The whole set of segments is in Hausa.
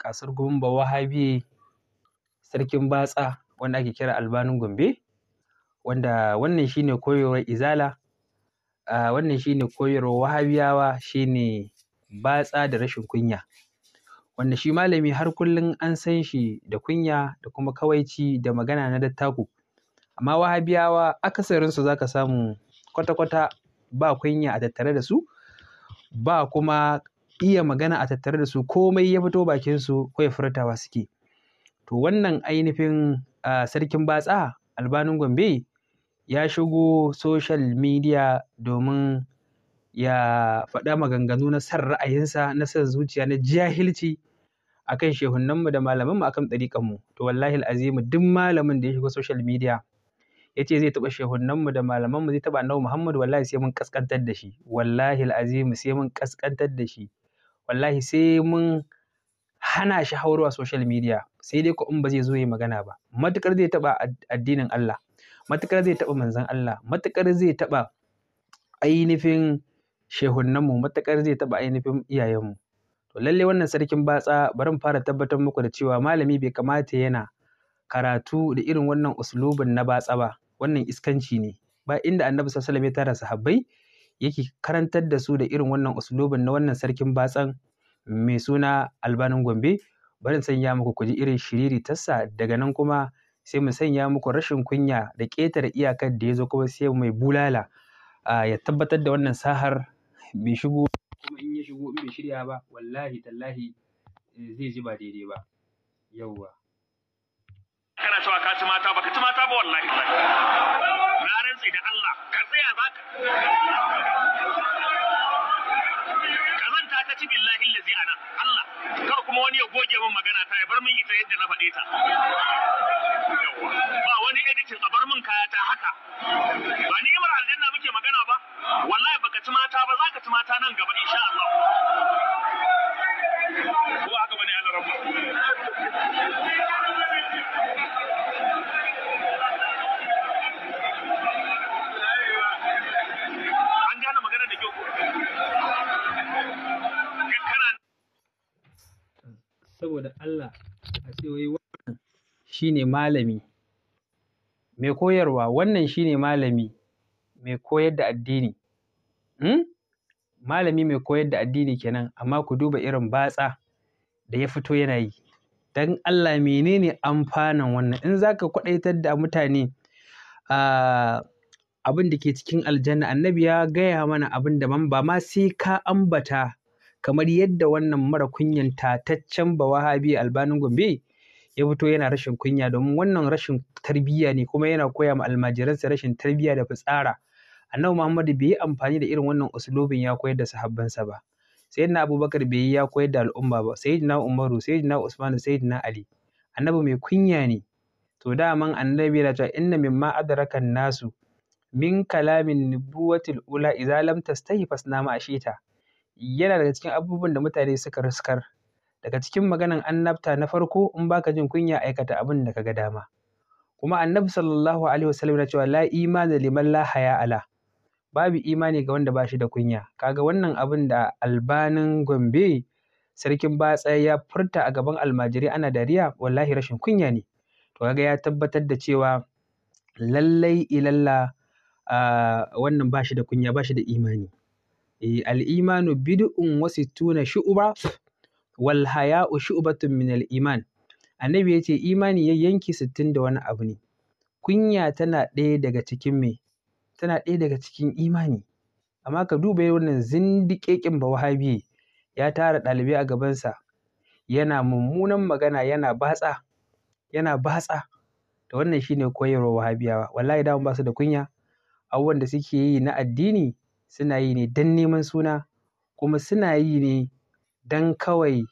kasar gumba wahabi sarkin batsa wanda ake kira albanin gombe wanda wannan shine koyarwar izala uh, wannan shine koyarwar wahabiyawa shine batsa da rashin kunya wanda shi malami har kullum an san shi da kunya da kuma kawaici da magana na dattaku amma wahabiyawa akasarinsu za ka samu kwata-kwata ba kunya a tattare da su ba kuma iya magana a tattare da su komai ya fito bakin su furta furtawa suke to wannan ainihin sarkin batsa albanin gombe ya shigo social media domin ya faɗa maganganu na san ra'ayinsa na san zuciya na jahilci akan shehunanmu da malamanmu akan ɗariƙanmu to wallahi azimu duk malamin da ya shigo social media ya ce zai taɓa shehunanmu da malamanmu zai taɓa annabi Muhammadu wallahi sai mun ƙasƙantar da shi wallahi azimu sai mun ƙasƙantar da shi wallahi sai mun hana shi a social media sai dai ko in ba zai zo yi magana ba matukar zai taba addinin Allah matukar zai taba manzon Allah matukar zai taba ainihin shehunnanmu matukar zai taba ainihin iyayenmu to lalle wannan sarkin batsa bari mu fara tabbatar muku da cewa malami bai kamata yana karatu da irin wannan uslubin na batsa ba wannan iskanci ne ba inda annabi sallallahu alaihi wasallam ya tara sahabbai yake karantar da su da irin wannan uslubin na wannan sarkin batsan mai suna albanin gombe barin sanya muku ku ji irin shiriri tassa daga nan kuma sai mu sanya muku rashin kunya da ƙetare iyakar da ya zo kuma sai mai bulala ya tabbatar da wannan sahar bai shigo kuma in ya shigo in bai shirya ba wallahi tallahi eh, zai ji ba daidai ba yauwa kana cewa ka ci mata baka ci mata ba wallahi malami mai koyarwa wannan shi ne malami mai koyar da addini hmm? malami mai koyar da addini kenan amma ku duba irin batsa da ya fito yana yi don Allah menene amfanan wannan in za ka kwaɗaitar da mutane abin da ke cikin aljanna annabi ya gaya mana abin da ba ma sai ka ambata kamar yadda wannan mara kunyan tataccen ba wahabi albanin gombe ya fito yana rashin kunya domin wannan rashin tarbiyya ne kuma yana koya ma almajiransa rashin tarbiyya da fitsara annabi muhammadu bai yi amfani da irin wannan usulubin ya koyar da sahabbansa ba sayyidina abubakar bai yi ya koyar da al'umma ba sayyidina umaru sayyidina usman sayyidina ali annabi mai kunya ne to daman annabi yana cewa inna mimma adrakan nasu min kalamin nubuwatil ula idza lam tastahi fasna ma ashita yana daga cikin abubuwan da mutane suka riskar Daga cikin maganan annabta na farko in baka jin kunya aikata abin da kaga dama. Kuma annabi sallallahu alaihi wasallam ya cewa la imana liman la haya ala. Babu imani ga wanda ba da kunya. Kaga wannan abin da albanin Gombe sarkin batsa ya furta a gaban almajiri ana dariya wallahi rashin kunya ne. To kaga ya tabbatar da cewa lallai ilalla wannan ba shi da kunya ba shi da imani. E, eh, imanu bid'un wasu tuna Walhaya haya'u shu'batun min al iman annabi yace imani ya yanki sittin da wani abu ne kunya tana ɗaya daga cikin me tana ɗaya daga cikin imani amma ka duba wannan zindiƙeƙin ba wahabi ya tara ɗalibai a gabansa yana mummunan magana yana batsa yana batsa da wannan shine koyarwa wahabiyawa wallahi da ba su da kunya abubuwan da suke yi na addini suna yi ne don neman suna kuma suna yi ne don kawai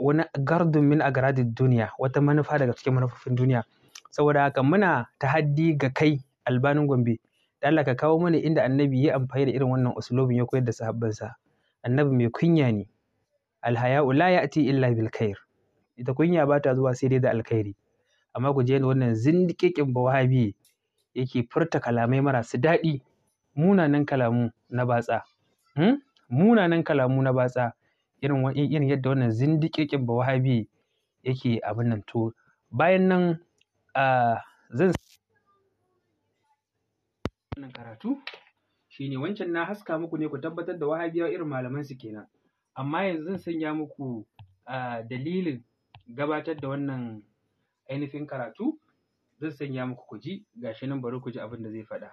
wani gardun min agaradid duniya wata manufa daga cikin manufofin duniya saboda haka muna ta haddi ga kai albanin gombe da Allah ka kawo mana inda annabi ya amfani da irin wannan usulobin ya koyar da sahabbansa annabi mai kunya ne alhaya'u la ya'ti illa bil khair ita kunya ba ta zuwa sai dai da alkhairi amma ku je wannan zindikekin bawabi yake furta kalamai marasu daɗi munanan kalamu na batsa hmm? munanan kalamu na batsa irin irin yadda wannan zindiƙiƙin Bawahabi yake abin nan to. Bayan nan, a zan wannan karatu shine wancan na haska muku ne ku tabbatar da Wahabiyawa irin malaman su kenan. Amma yanzu zan sanya muku, dalilin gabatar da wannan ainihin karatu. Zan sanya muku ku ji, ga shi nan bari ku ji abin da zai faɗa.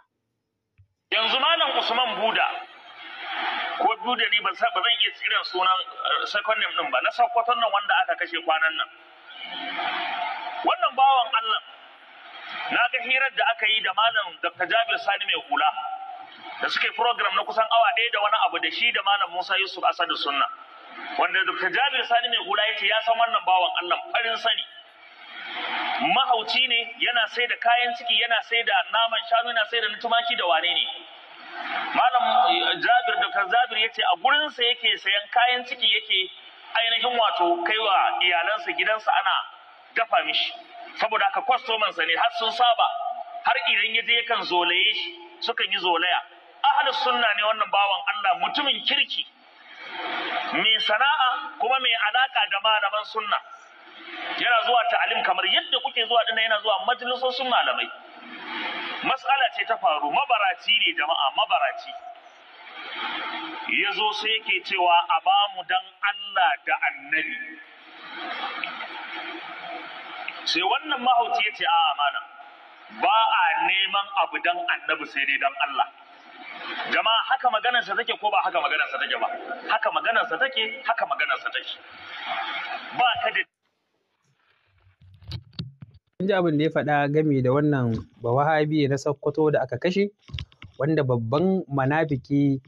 Yanzu Malam Usman Buda ko biyu da ni ba sa ba zan iya tsira sunan eh, second name din ba na Sokoton nan wanda aka kashe kwanan nan wannan bawan Allah na ga hirar da aka yi da malam Dr. Jabir Sani mai hula da suke program na kusan awa ɗaya da wani abu da shi da malam Musa Yusuf Asadu Sunna wanda Dr. Jabir Sani mai hula ya ya san wannan bawan Allah farin sani mahauci ne yana sai da kayan ciki yana sai da naman shanu yana sai da na tumaki da wane ne malam eh, jabir dr jabir ya ce a gurinsa yake sayan kayan ciki yake ainihin wato kaiwa iyalansa gidansa ana dafa mishi saboda haka kwastomansa ne har sun saba har idan ya je yakan zolaye shi sukan yi zolaya ahlus sunna ne wannan bawan Allah mutumin kirki mai sana'a kuma mai alaka da malaman sunna yana zuwa ta'alim kamar yadda kuke zuwa dinnan yana zuwa majalisosin malamai matsala ce ta faru mabaraci ne jama'a mabaraci ya zo sai yake cewa a ba mu dan Allah da annabi sai wannan mahauci ya ce a amana ba a neman abu dan annabi sai dai dan Allah jama'a haka maganarsa take ko ba haka maganarsa take ba haka maganarsa take haka maganarsa take ba ka da Kun ji abin da ya faɗa game da wannan Bawahabiye na Sokoto da aka kashe, wanda babban manafiki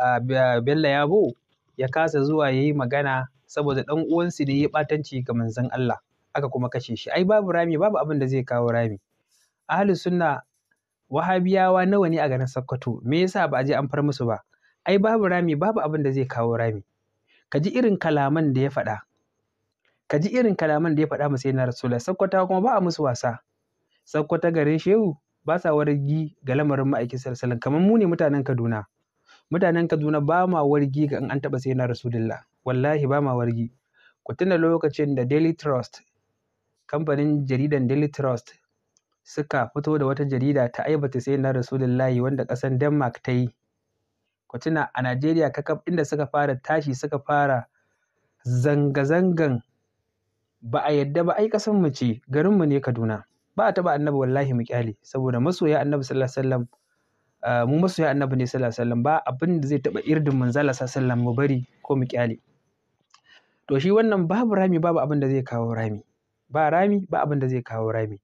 a Bello Yabo ya kasa zuwa ya yi magana saboda ɗan uwansu ne ya yi ɓatanci ga manzon Allah aka kuma kashe shi. Ai babu rami babu abin da zai kawo rami. Ahlus sunna Wahabiyawa nawa ne a garin Sokoto? Me yasa ba a je an far musu ba? Ai babu rami babu abin da zai kawo rami. Ka ji irin kalaman da ya faɗa. ka ji irin kalaman da ya faɗa masa yana rasulullah sakkwata kuma ba a musu wasa sakkwata garin shehu ba sa wargi ga lamarin ma'aikin sallallahu kamar mu ne mutanen kaduna mutanen kaduna ba ma wargi ga in an taɓa sai na rasulullah wallahi ba ma wargi ku tuna lokacin da daily trust kamfanin jaridan daily trust suka fito da wata jarida ta aibata sai na rasulullahi wanda ƙasar denmark ta yi ku tuna a najeriya kakaf inda suka fara tashi suka fara zanga-zangan ba a yadda ba ai kasan mu ce garin mu ne Kaduna ba a taɓa annabi wallahi mu kyale, saboda masoya annabi sallallahu alaihi wasallam eh, mu masoya annabi ne sallallahu alaihi wasallam ba abin da zai taɓa irdin manzala sallallahu alaihi wasallam mu bari ko mu kyale. to shi wannan babu rami babu abin da zai kawo rami ba rami ba abin da zai kawo rami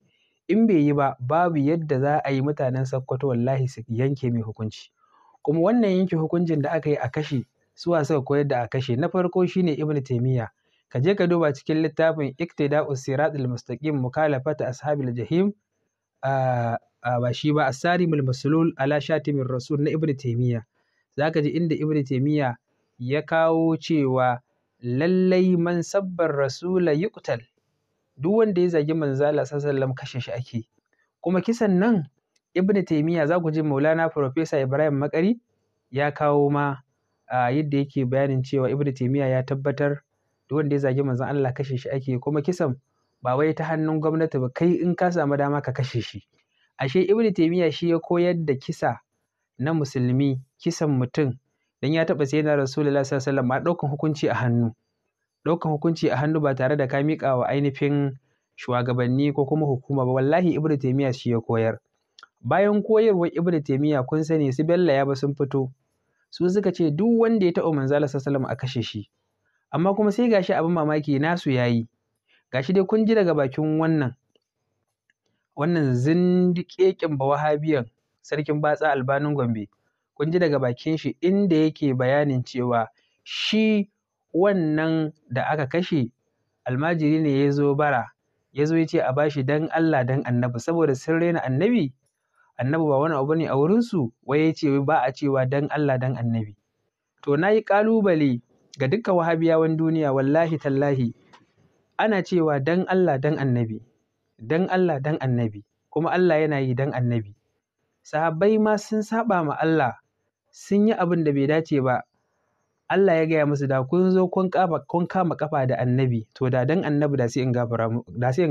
in bai yi ba babu yadda za a yi mutanen Sakkwato wallahi su yanke mai hukunci kuma wannan yanke hukuncin da aka yi a kashe suwa suka koyar da a kashe na farko shine ibnu Taymiyyah ka je ka duba cikin littafin iktida'us siratul mustaqim mukalafat ashabil jahim ah, ah, ba shi ba mul maslul ala shatimin rasul na ibnu taymiya zaka ji inda ibnu taymiya ya kawo cewa lallai man sabbar rasula yuqtal duk wanda ya zagi manzala sallallahu kashe shi ake kuma kisan nan ibn taymiya za ji maulana professor ibrahim makari ya kawo ma ah, yadda yake bayanin cewa ibn taymiya ya tabbatar duk wanda ya zagi manzon Allah kashe shi ake kuma kisan ba wai ta hannun gwamnati ba kai in ka samu dama ka kashe shi ashe ibn taymiya shi ya koyar da kisa na musulmi kisan mutum dan ya taba sayyidina rasulullahi sallallahu alaihi wasallam daukan hukunci a hannu daukan hukunci a hannu ba tare da ka mika wa ainihin shugabanni ko kuma hukuma ba wallahi ibn taymiya shi ya koyar bayan koyarwar ibn taymiya kun sani su bella ya ba sun fito su suka ce duk wanda ya taba manzala sallallahu alaihi wasallam a kashe shi amma kuma sai gashi abin mamaki nasu ya yayi gashi dai kun ji daga bakin wannan wannan zindiƙeƙin bawahabiyan sarkin batsa albanin gombe kun ji daga bakin shi inda yake bayanin cewa shi wannan da aka kashe almajiri ne ya zo bara ya zo ya ce a ba shi dan Allah dan annabi saboda sun raina annabi annabi ba wani abu ne a wurinsu wai ya ce ba a cewa dan Allah dan annabi to na yi ƙalubale ga dukkan wahabiyawan duniya wallahi tallahi ana cewa dan Allah dan annabi dan Allah dan annabi kuma Allah yana yi dan annabi sahabbai ma sun saba ma Allah sun yi abin da bai dace ba Allah ya gaya musu da kun zo kun kama kafa da annabi to da dan annabi da sai in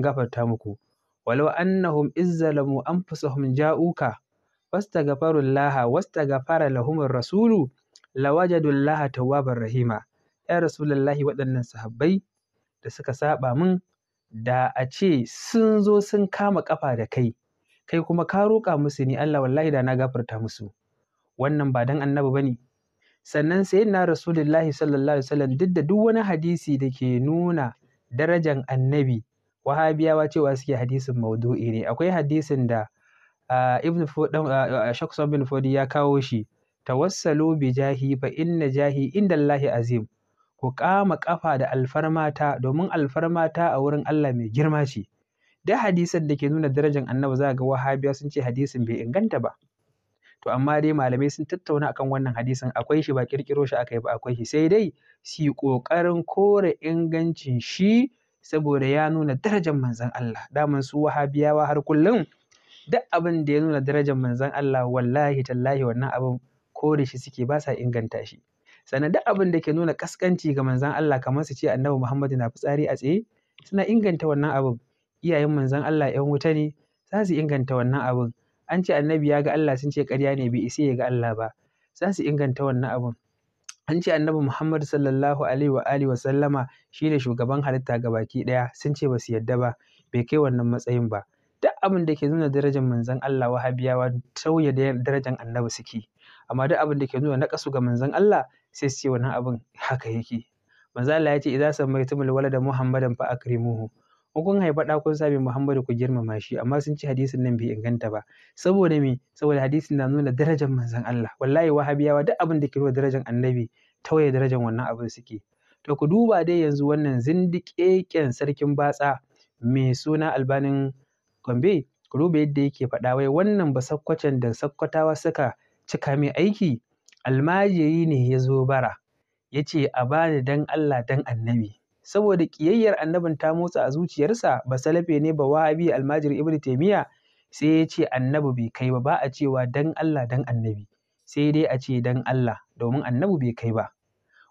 gafarta muku walau annahum izzalamu anfusahum ja'uka wastaghfirullaha wastaghfara lahumur rasulu lawajadullaha tawwabar rahima ya rasulallahi waɗannan sahabbai da suka saɓa min da a ce sun zo sun kama ƙafa da kai kai kuma ka roƙa musu ni Allah wallahi da na gafarta musu wannan ba dan annabi bane sannan sayyidina rasulullahi sallallahu alaihi wasallam duk da duk wani hadisi da ke nuna darajan annabi wahabiyawa cewa suke hadisin maudu'i ne akwai hadisin da ibn bin fodi ya kawo shi tawassalu bi jahi fa inna jahi inda Allahi azim ku kama ƙafa da ta domin ta a wurin Allah mai girma ce duk hadisan da ke nuna darajar annabi za ga wahabiya sun ce hadisin bai inganta ba to amma dai malamai sun tattauna akan wannan hadisin akwai shi ba kirkiro shi aka yi ba akwai shi sai dai su yi ƙoƙarin kore ingancin shi saboda ya nuna darajar manzon Allah daman su wahabiyawa har kullum duk abin da ya nuna darajar manzon Allah wallahi tallahi wannan abin kore shi suke ba sa inganta shi sannan duk abin da ke nuna kaskanci ga manzon Allah kamar su ce annabi Muhammadu na fitsari a tsaye suna inganta wannan abin iyayen manzon Allah 'yan wuta ne za su inganta wannan abin an ce annabi ya ga Allah sun ce ƙarya ne bai isa ya ga Allah ba za su inganta wannan abin an ce annabi Muhammad sallallahu alaihi wa alihi shi ne shugaban halitta ga baki ɗaya sun ce ba su yarda ba bai kai wannan matsayin ba duk abin da ke nuna darajar manzon Allah wahabiyawa sauya darajar annabi suke amma duk abin da ke nuna naƙasu ga manzon Allah sai su ce wannan abin haka yake manzon Allah ya ce idza sammaytumul walada muhammadan fa akrimuhu in kun haifa da kun sami Muhammadu ku girmama shi amma sun ci hadisin nan bai inganta ba saboda me saboda hadisin na nuna darajar manzon Allah wallahi wahabiyawa duk abin da ke nuna darajar annabi tawaye darajar wannan abin suke to ku duba dai yanzu wannan zindiƙeƙen sarkin batsa mai suna albanin gombe ku duba yadda yake faɗa wai wannan ba sakkwacen da sakkwatawa suka cika mai aiki almajiri ne ya zo bara ya ce a bani dan Allah dan annabi saboda ƙiyayyar annabin ta motsa a zuciyarsa ba salafe ne ba wahabi almajiri ibnu taimiya sai ya ce annabi bai kai ba ba a cewa dan Allah dan annabi sai dai a ce dan Allah domin annabi bai kai ba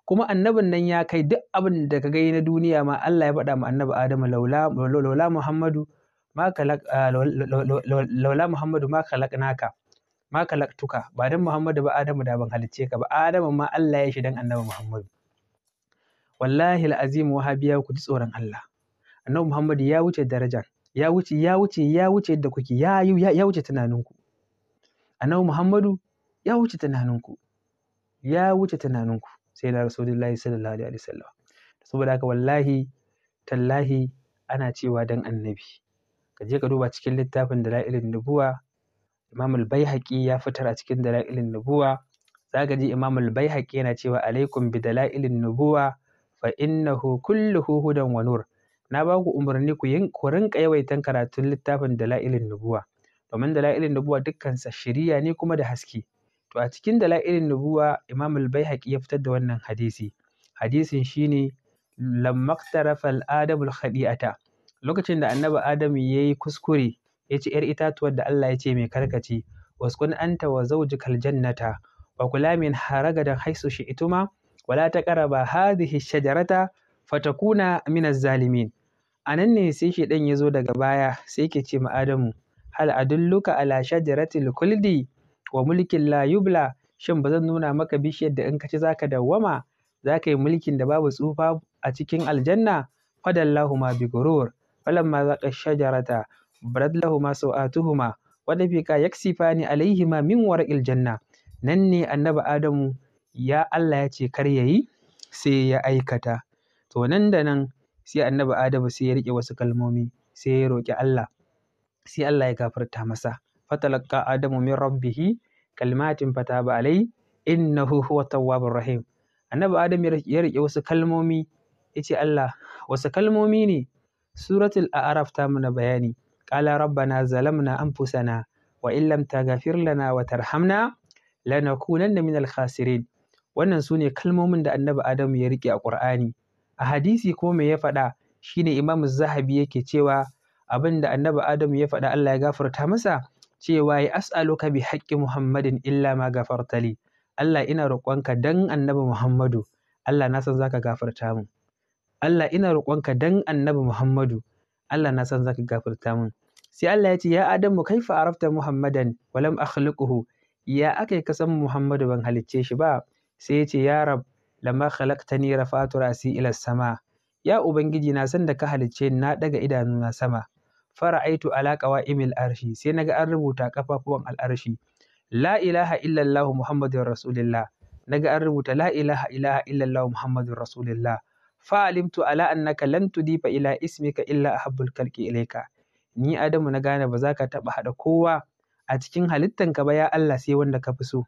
kuma annabin nan ya kai duk abin da ka gai na duniya ma Allah ya faɗa ma annabi Adamu laula Muhammadu ma ah, laula Muhammadu ma kalaktuka ba dan Muhammadu ba Adamu da ban halicce ka ba Adamu ma Allah ya shi dan Annabi Muhammadu wallahi alazim wahabiya ku ji tsoron Allah Annabi Muhammadu ya wuce darajar? ya wuce ya wuce ya wuce yadda kuke ya ya wuce tunaninku Annabi Muhammadu ya wuce tunaninku ya wuce tunaninku sai da rasulullahi sallallahu alaihi wasallam saboda haka wallahi tallahi ana cewa dan annabi ka je ka duba cikin littafin da la'irin nubuwa Imam al-Baihaqi ya fitar a cikin Dalailin Nubuwa Za ka ji Imam al-Baihaqi yana cewa alaikum bi Dalailin Nubuwa fa innahu kulluhu hudan wa nur na ba ku umarni ku yin ku rinka yawaitan karatun littafin Dalailin Nubuwa domin Dalailin Nubuwa dukkansa shiriya ne kuma da haske to a cikin Dalailin Nubuwa Imam al-Baihaqi ya fitar da wannan hadisi hadisin shine lamma tarafa al-adamu al-khadi'ata lokacin da annabi Adamu yi kuskure ya ci ‘yar itatuwar da Allah ya ce mai karkaci waskun anta wa zaujikal jannata wa kula min haragadan haisu shi ituma wala ta ƙaraba hadhihi shajarata fatakuna minaz zalimin a nan ne sai ɗan ya zo daga baya sai ke ce ma Adamu hal adulluka ala shajaratil kuldi wa mulkin la shin ba zan nuna maka bishiyar da in ka ci zaka dawwama zaka yi mulkin da babu tsufa a cikin aljanna fadallahu ma bi gurur falamma zaqa shajarata barat lahuma sau'atuhuma wadda fi ka yaksifani alaihima min warqil janna nan ne annabi adamu ya Allah ya ce kar yayi sai ya aikata to nan da nan sai annabi adamu sai ya rike wasu kalmomi sai ya roƙi Allah sai Allah ya gafarta masa Fatalaka adamu min rabbihi kalmatin fata fataba alai innahu huwa tawwabur rahim annabi adamu ya rike wasu kalmomi yace Allah wasu kalmomi ne suratul a'raf ta mana bayani قال ربنا zalamna anfusana wa illam تغفر لنا وترحمنا لنكونن من الخاسرين wannan sune kalmomin da annabi adamu ya rike a Ƙur'ani. a hadisi ko me ya faɗa shine Imam zahabi yake cewa abin da annabi adamu ya faɗa Allah ya gafarta masa cewa ya as'aluka bi haqqi muhammadin illa ma gafartali Allah ina roƙonka dan annabi muhammadu Allah na san zaka gafarta mu Allah ina roƙonka dan annabi muhammadu Allah na san zaka gafarta min sai Allah ya ce ya Adamu kai fa arafta Muhammadan walam akhluquhu ya akai ka san Muhammadu ban halicce shi ba sai ya ce ya Rab lamma khalaqtani rafa'tu ra'si ila sama ya ubangiji na san da ka halicce na daga idanu na sama Fara fara'aitu ala qawa'imil arshi sai naga an rubuta kafafuwan al'arshi la ilaha illallah muhammadur Rasulillah. naga an rubuta la ilaha illallah muhammadur Rasulillah. fa'alimtu ala annaka lan tudifa ila ismika illa ahabbul kalki ilaika ni adamu na gane ba za ka taɓa haɗa kowa a cikin halittanka ba ya Allah sai wanda ka fi so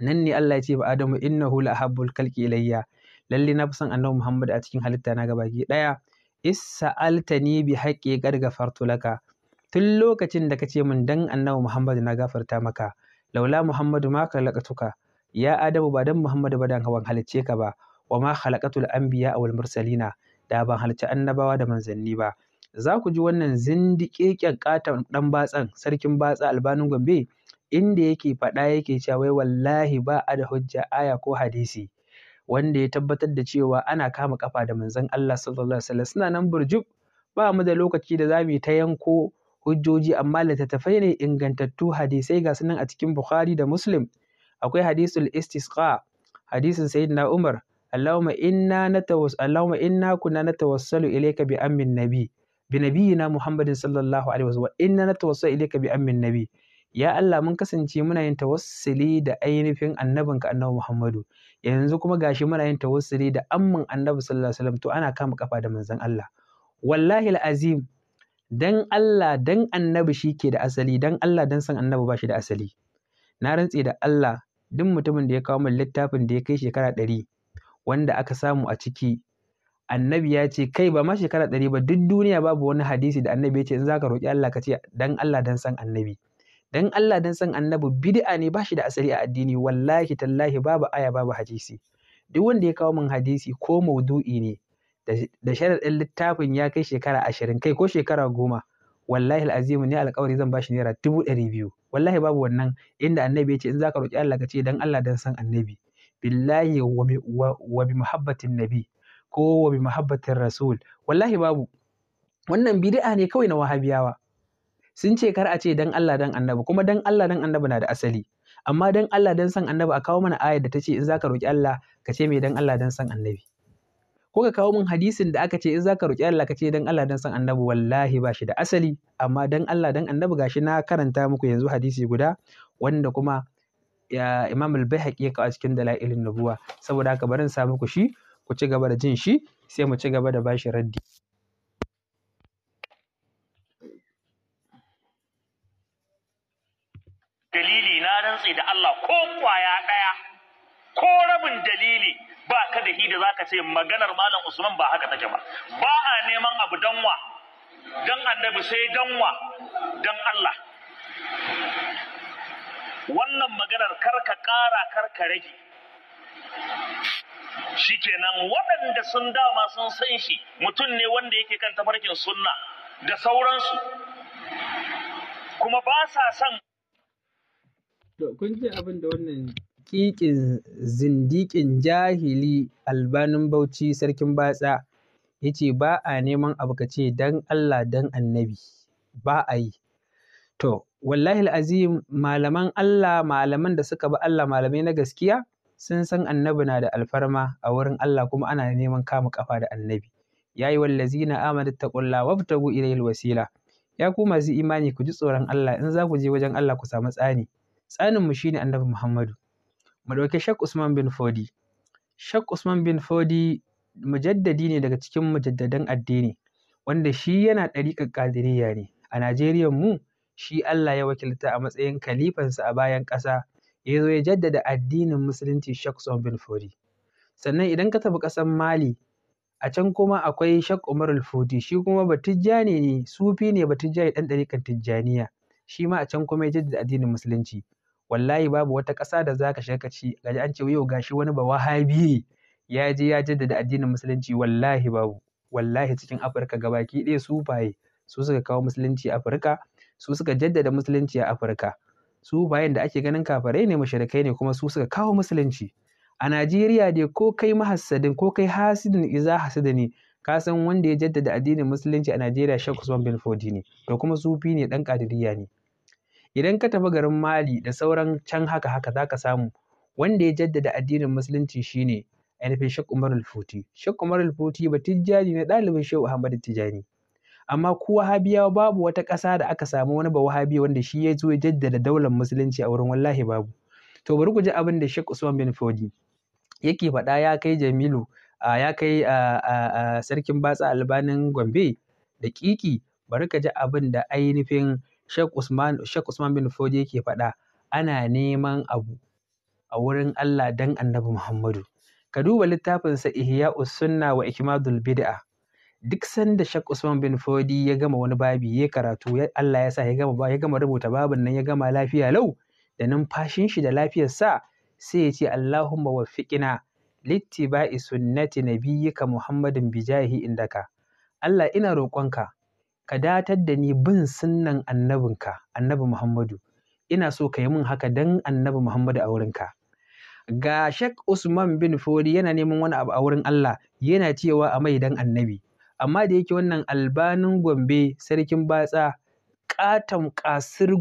nan ne Allah ya ce ba adamu hula a ahabbul kalki ilayya lalle na fi son annabi Muhammad a cikin halitta na baki ɗaya issa'altani bi haqqi garga ghafartu laka tun lokacin da ka ce min dan annabi Muhammad na gafarta maka laula Muhammadu ma tuka ya adamu ba dan Muhammad ba dan hawan halicce ka ba wa ma khalaqatul anbiya wal mursalina da ban halci annabawa da manzanni ba za ku ji wannan zindiƙeƙen ƙaton ɗan batsan sarkin batsa albanin gombe inda yake faɗa yake cewa wai wallahi ba a da hujja aya ko hadisi wanda ya tabbatar da cewa ana kama ƙafa da manzon Allah sallallahu alaihi wasallam suna nan burjub ba mu da lokaci da za mu ta yanko hujjoji amma littattafai ne ingantattu hadisai ga sunan a cikin Bukhari da Muslim akwai hadisul istisqa hadisin sayyidina Umar Allahumma inna natawas Allahumma inna kunna natawassalu ilayka bi ammin nabi bi nabiyina Muhammadin sallallahu alaihi wasallam wa inna natawassalu ilayka bi ammin nabi ya Allah mun kasance muna yin tawassuli da ainihin annabinka annabi Muhammadu yanzu kuma gashi muna yin tawassuli da amman annabi sallallahu alaihi wasallam to ana kama kafa da manzon Allah wallahi alazim dan Allah dan annabi shi ke da asali dan Allah dan san annabi ba shi da asali na rantse da Allah duk mutumin da ya kawo min littafin da ya kai shekara ɗari wanda aka samu a ciki annabi ya ce kai ba ma shekara ɗari ba duk duniya babu wani hadisi da annabi ya ce in za ka roƙi Allah ka ce dan Allah dan san annabi dan Allah dan san annabi bid'a ne ba shi da asali a addini wallahi tallahi babu aya babu hadisi duk wanda ya kawo min hadisi ko maudu'i ne da sharaɗin littafin ya kai shekara ashirin kai ko shekara goma wallahi al'azimu ne alƙawari zan bashi naira dubu ɗari biyu wallahi babu wannan inda annabi ya ce in za ka roƙi Allah ka ce dan Allah dan san annabi billahi wa bi muhabbatin nabi ko wa bi muhabbatin rasul wallahi babu wannan bid'a ne kawai na wahabiyawa sun ce kar a ce dan Allah dan annabi kuma dan Allah dan annabi na da asali amma dan Allah dan san annabi a kawo mana ayar da ta ce in zaka roki Allah ka ce mai dan Allah dan san annabi ko ka kawo min hadisin da aka ce in zaka roki Allah ka ce dan Allah dan san annabi wallahi ba shi da asali amma dan Allah dan annabi gashi na karanta muku yanzu hadisi guda wanda kuma ya Imam al-Baihaqi ya kawo cikin Dalailin Nubuwa saboda haka bari in sa muku shi ku ci gaba da jin shi sai mu ci gaba da bashi raddi dalili na rantsi da Allah ko kwaya daya ko rabin dalili ba ka da hi da zaka ce maganar malam Usman ba haka take ba ba a neman abu danwa dan annabi sai danwa dan Allah wannan maganar karka ƙara karka rage shikenan waɗanda sun dama sun san shi mutum ne wanda yake kan tafarkin sunna da sauransu kuma ba sa son to kun ji abin da wannan kikin zindikin jahili albanin bauchi sarkin batsa ya ce ba a neman abu ka ce don Allah don annabi ba a yi to wallahi azim malaman Allah malaman da suka bi Allah malamai na gaskiya sun san annabi na da alfarma a wurin Allah kuma ana neman kama kafa da annabi ya yi wallazina ta taqulla wabtagu ilayhi wasila ya ku masu imani ku ji tsoron Allah in za ku je wajen Allah ku samu tsani tsanin mu shine annabi Muhammadu mu dauke Sheikh Usman bin Fodi Sheikh Usman bin Fodi mujaddadi ne daga cikin mujaddadan addini wanda shi yana ɗariƙar ƙadiriyya ne a Najeriya mu shi Allah ya wakilta a matsayin kalifansa a bayan ƙasa ya zo ya jaddada addinin musulunci Shek bin Fodi sannan idan ka tafi ƙasar Mali a can kuma akwai Shek Umar fodi shi kuma Batijjani ne sufi ne Batijjani dan ɗarikan Tijjaniya shi ma a can kuma ya jaddada addinin musulunci wallahi babu wata ƙasa da zaka shiga ka ci gaji an ce yau gashi wani ba wahabi ya je ya jaddada addinin musulunci wallahi babu wallahi cikin Afirka gabaki ɗaya faye su suka kawo musulunci Afirka su suka jaddada musulunci a Afirka su bayan da ake ganin kafarai ne mushrikai ne kuma su suka kawo musulunci a Najeriya dai ko kai mahassadin ko kai hasidin iza hasidani ka san wanda ya jaddada addinin musulunci a Najeriya Sheikh Usman bin Fodi ne to kuma sufi ne dan kadiriyya ne idan ka tafi garin Mali da sauran can haka haka zaka samu wanda ya jaddada addinin musulunci shine ainihin Sheikh Umar al-Futi Sheikh Umar al-Futi batijjani tijjani ne ɗalibin Shehu Ahmad Tijani amma ku wahabiyawa babu wata ƙasa da aka samu wani ba wahabi wanda shi ya zo ya jaddada daular musulunci a wurin wallahi babu to bari ku ji abin da Sheikh Usman bin Fodi yake faɗa ya kai Jamilu ya kai sarkin batsa albanin Gombe da kiki bari ka ji abin da ainihin Sheikh Usman Sheikh Usman bin Fodi yake faɗa ana neman abu a wurin Allah dan Annabi Muhammadu ka duba littafinsa Ihya'us Sunna wa Ikmadul Bid'a duk sanda Shak Usman bin Fodi ya gama wani babi ya karatu ya Allah ya sa ya gama ya gama rubuta babin nan ya gama lafiya lau da numfashin shi da lafiyar sa sai ya ce Allahumma waffiqina littiba'i sunnati nabiyyika Muhammadin bijahi indaka Allah ina roƙonka ka datar da ni bin sunnan annabinka annabi Muhammadu ina so ka yi min haka dan annabi Muhammadu a wurinka ga Sheikh Usman bin Fodi yana neman wani abu a wurin Allah yana cewa a mai dan annabi Amma da yake wannan Albanin Gombe sarkin batsa ƙaton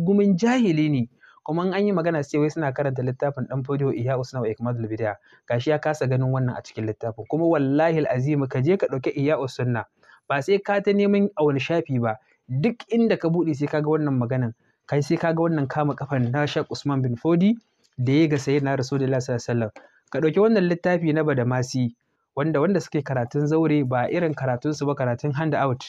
gumin jahili ne. Kuma in an yi magana sai wai suna karanta littafin ɗan fodiyo iya Usna wa Ikmadul Bid'a. Gashi ya kasa ganin wannan a cikin littafin. Kuma wallahi al'azim ka je ka ɗauki iya Sunna. Ba sai ka ta neman a wani shafi ba. Duk inda ka buɗe sai ka ga wannan maganan. Kai sai kaga wannan kama kafan na shak Usman bin Fodi da ya ga sayyidina Rasulullah sallallahu alaihi wasallam. Ka ɗauki wannan littafi na Badamasi wanda wanda suke karatun zaure ba irin karatun su ba karatun hand out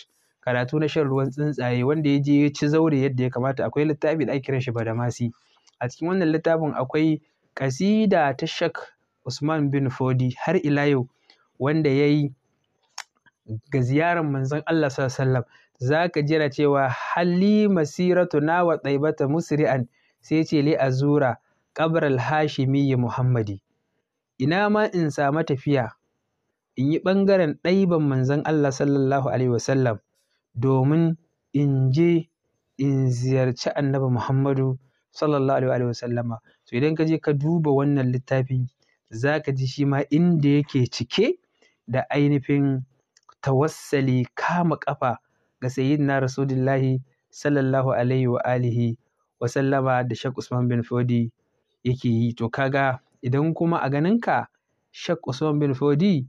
karatu na shan ruwan tsuntsaye wanda ya je ya ci zaure yadda ya kamata akwai littafi da ake kiran shi badamasi a cikin wannan littafin akwai kasida ta shak Usman bin Fodi har ila yau wanda ya yi ga ziyarar manzon Allah sallam za ka jira cewa halli masiratu na wa tsaibata musri'an sai ce li azura qabr al-hashimi muhammadi ina ma in samu tafiya in yi ɓangaren ɗaiban manzon Allah sallallahu alaihi wasallam domin in je in ziyarci annabi Muhammadu sallallahu alaihi to idan ka je ka duba wannan littafi za ka ji shi ma inda yake cike da ainihin tawassali kama ƙafa ga sayyidina rasulullahi sallallahu alaihi wa alihi wa sallama da Sheikh Usman bin Fodi yake yi to kaga idan kuma a ganin ka, Sheikh Usman bin Fodi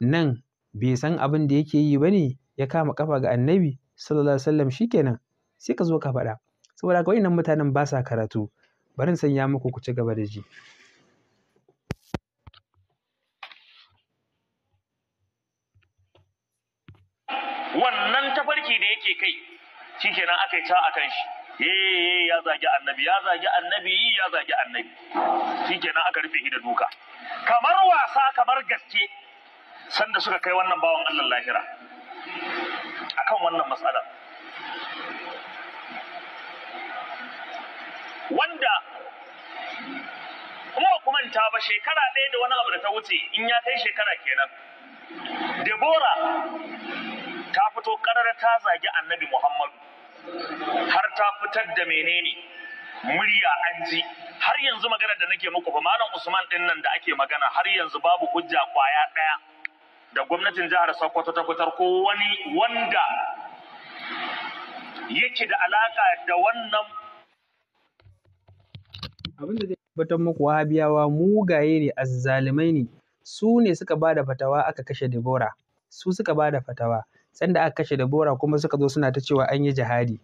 nan bai san abin da yake yi ba ne ya kama ƙafa ga annabi sallallahu alaihi wasallam shi nan, sai ka zo ka faɗa saboda haka wa'innan mutanen ba sa karatu bari in sanya muku ku ci gaba da ji wannan tafarki da yake kai shi aka yi ta a kan shi eh ya zagi annabi ya zagi annabi ya zagi annabi shi aka rufe shi da duka kamar wasa kamar gaske sanda suka kai wannan bawan Allah lahira akan wannan matsalar wanda kuma ba manta ba shekara ɗaya da wani abu da ta wuce in ya kai shekara kenan debora ta fito ƙarar ta zagi annabi muhammadu har ta fitar da menene murya an ji har yanzu magana da nake muku ba malam usman ɗin nan da ake magana har yanzu babu hujja kwaya ɗaya da gwamnatin jihar Sokoto ta fitar ko wani wanda yake da alaka da wannan abin da zai tabbatar muku wahabiyawa mugaye ne azzalimai ne su ne suka ba da fatawa aka kashe Debora su suka ba da fatawa sanda aka kashe Debora kuma suka zo suna ta cewa an yi jihadi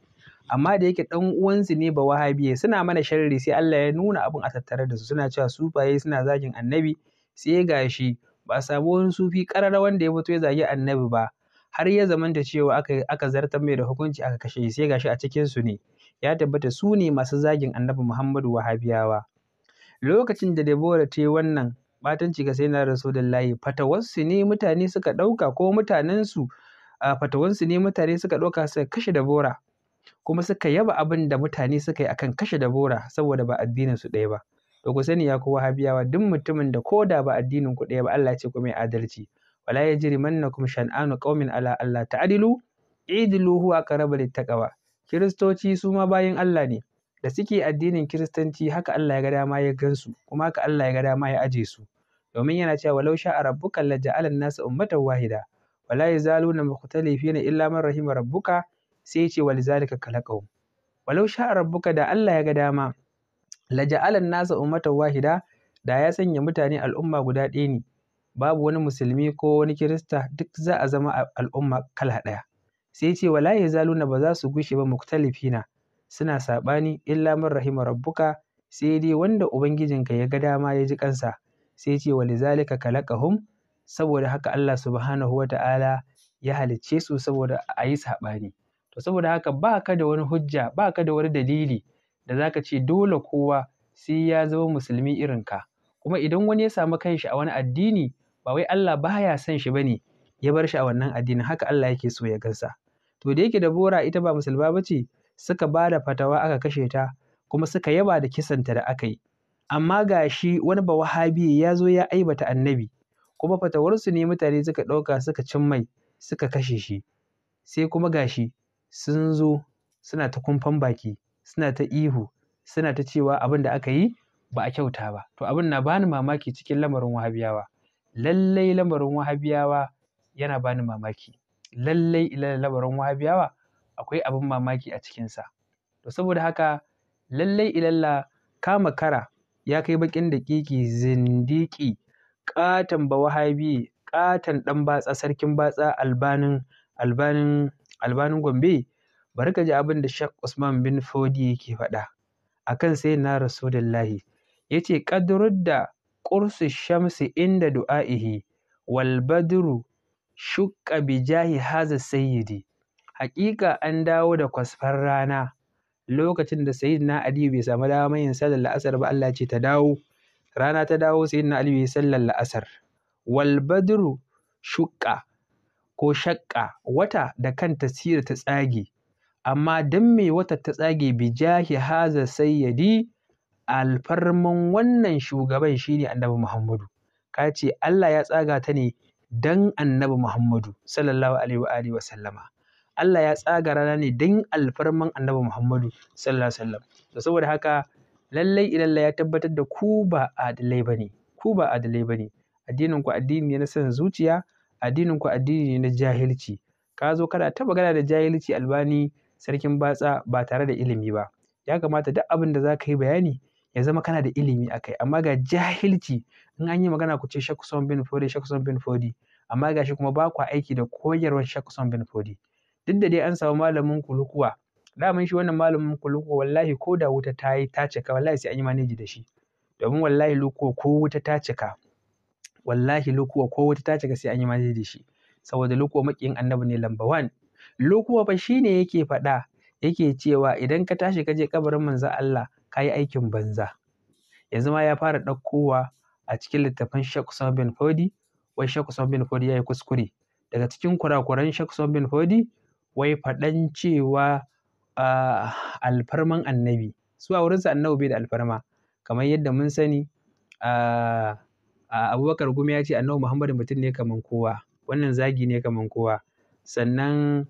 amma da yake dan uwansu ne ba wahabiye suna mana sharri sai Allah ya nuna abin a tattare da su suna cewa sufaye suna zagin annabi sai gashi ba a samu wani sufi ƙarara wanda ya fito ya zagi annabi ba har ya zamanta cewa aka zartar mai da hukunci aka kashe shi sai gashi a cikin su ne ya tabbata su ne masu zagin annabi Muhammadu Wahabiyawa lokacin da Deborah ta yi wannan batanci ga sayyidina Rasulullahi fatawarsu ne mutane suka ɗauka ko fatawansu ne mutane suka ɗauka suka kashe Deborah kuma suka yaba abin da mutane suka yi akan kashe Deborah saboda ba addinin su ɗaya ba To ku sani ya kowa habiyawa duk mutumin da ko da ba addinin ku ɗaya ba Allah ya ce ku mai adalci. Wala ya jiri mannakum shan'anu qaumin ala Allah ta'dilu idilu huwa aqrabu littaqwa. Kiristoci su ma bayin Allah ne da suke addinin kiristanci haka Allah ya ga dama ya gansu kuma haka Allah ya ga dama ya aje su. Domin yana cewa walau sha rabbuka laja'alan nasa ummatan wahida wala yazaluna mukhtalifina illa man rahima rabbuka sai ya ce walizalika khalaqahum. Walau sha rabbuka da Allah ya ga dama laja'alan nasa ummatan wahida da ya sanya mutane al'umma guda ɗaya ne babu wani musulmi ko wani kirista duk za a zama al'umma kala ɗaya sai ce wala ya yazaluna ba za su gushe ba muktalifina suna saɓani illa man rahima rabbuka sai dai wanda ubangijinka ya ga dama ya ji kansa sai ce wa lizalika hum, saboda haka Allah subhanahu Ta'ala ya halicce su saboda a yi saɓani to saboda haka ba ka da wani hujja ba ka da wani dalili da za ka ce dole kowa sai ya zama musulmi irin ka. Kuma idan wani ya samu kanshi a wani addini ba wai Allah ba ya san shi ba ne ya bar shi a wannan addinin haka Allah yake so ya gansa. To da yake da Bora, ita ba musulma ba ce suka ba da fatawa aka kashe ta kuma suka yaba da kisanta da aka yi. Amma ga shi wani wahabi ya zo ya aibata annabi kuma fatawarsu ne mutane suka ɗauka suka cin mai suka kashe shi. Sai kuma ga shi sun zo suna ta kumfan baki. suna ta ihu suna ta cewa abin da aka yi ba a kyauta ba to abin na bani mamaki cikin lamarin wahabiyawa lallai lamarin wahabiyawa yana bani mamaki lallai ila lamarin wahabiyawa akwai abin mamaki a cikinsa to saboda haka lallai ilalla kama kara ya kai bakin daƙiƙi zindiki ƙaton ba wahabi ƙaton ɗan batsa sarkin batsa albanin albanin albanin gombe Bari ka ji abin da Sheikh Usman bin Fodi yake faɗa a kan na Rasulullahi. Ya ce, da ƙursu shamsi inda du'a'ihi wal badru shukka bi jahi haza sayyidi. Haƙiƙa an dawo da kwasfar rana lokacin da Sayyidina Ali bai samu damar yin sallar la'asar ba Allah ce ta dawo. Rana ta dawo Sayyidina Ali bai sallar la'asar. Wal badru shukka ko shakka wata da kanta sirri ta tsage Amma don me wata ta tsage bijahi haza sayyadi alfarman wannan shugaban shine annabi Muhammadu. Ka ce Allah ya tsaga ta ne don annabi Muhammadu sallallahu alaihi wa alihi sallama. Allah ya tsaga rana ne don alfarman annabi Muhammadu sallallahu alaihi wasallam. saboda haka lallai ilalla ya tabbatar da ku ba adalai bane, ku ba adalai bane. Addinin ku addini ne na san zuciya, addinin ku addini ne na jahilci. Ka zo kana ta magana da jahilci Albani sarkin batsa ba tare da ilimi ba ya kamata duk abin da za ka yi bayani ya zama kana da ilimi a kai amma ga jahilci in an yi magana ku ce Shakson bin Fodi Shakson bin Fodi amma ga shi kuma ba ku aiki da koyarwar Shakson bin Fodi duk da dai an samu malamin kulukuwa daman shi wannan malamin kulukuwa wallahi ko da wuta ta yi ta cika wallahi sai an yi maneji da shi domin wallahi lukuwa ko wuta ta cika wallahi lukuwa ko wuta ta cika sai an yi maneji da shi saboda lukuwa makiyin annabi ne lamba 1 Lokuwa fa shi ne yake faɗa, yake cewa idan ka tashi ka je kabarin manza Allah ka yi aikin banza. Yanzu ma ya fara ɗaukowa a cikin littattafan Sheikh Usman bin Fodi, wai Sheikh Usman bin Fodi ya yi kuskure. Daga cikin kurakuran Sheikh Usman bin Fodi, wai faɗan cewa alfarman annabi. Su a wurinsa annabi bai da alfarma. Kamar yadda mun sani, Abubakar Gumi ya ce annabi Muhammadu mutum ne kamar kowa. Wannan zagi ne kamar kowa. Sannan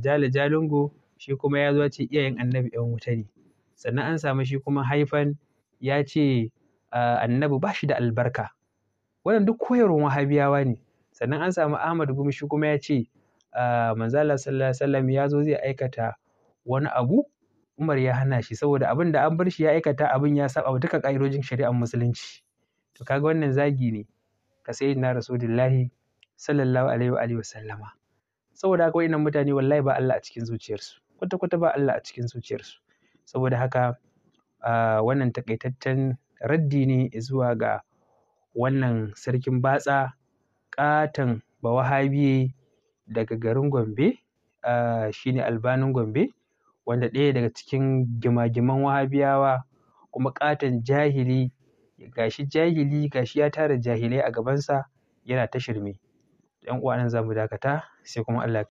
jale jalingo shi kuma ya zo ya ce iyayen annabi yan wuta ne sannan an samu shi kuma haifan ya ce annabi ba shi da albarka wannan duk koyarwar wahabiyawa ne sannan an samu ahmad gumi shi kuma ya ce manzala sallallahu alaihi wasallam ya zo zai aikata wani abu umar ya hana shi saboda abin da an bar shi ya aikata abin ya saba duka ka'idojin shari'ar musulunci to kaga wannan zagi ne ka na rasulullahi sallallahu alaihi wa alihi wasallama saboda haka wayannan mutane wallahi ba Allah a cikin zuciyarsu kwata kwata ba Allah a cikin zuciyarsu saboda haka wannan takaitaccen raddi ne zuwa ga wannan sarkin batsa ƙaton bawahabiye daga garin Gombe shine albanin Gombe wanda ɗaya daga cikin gimagiman wahabiyawa kuma ƙaton jahili gashi jahili gashi ya tara jahilai a gabansa yana ta shirme yan uwa nan za mu dakata sai kuma Allah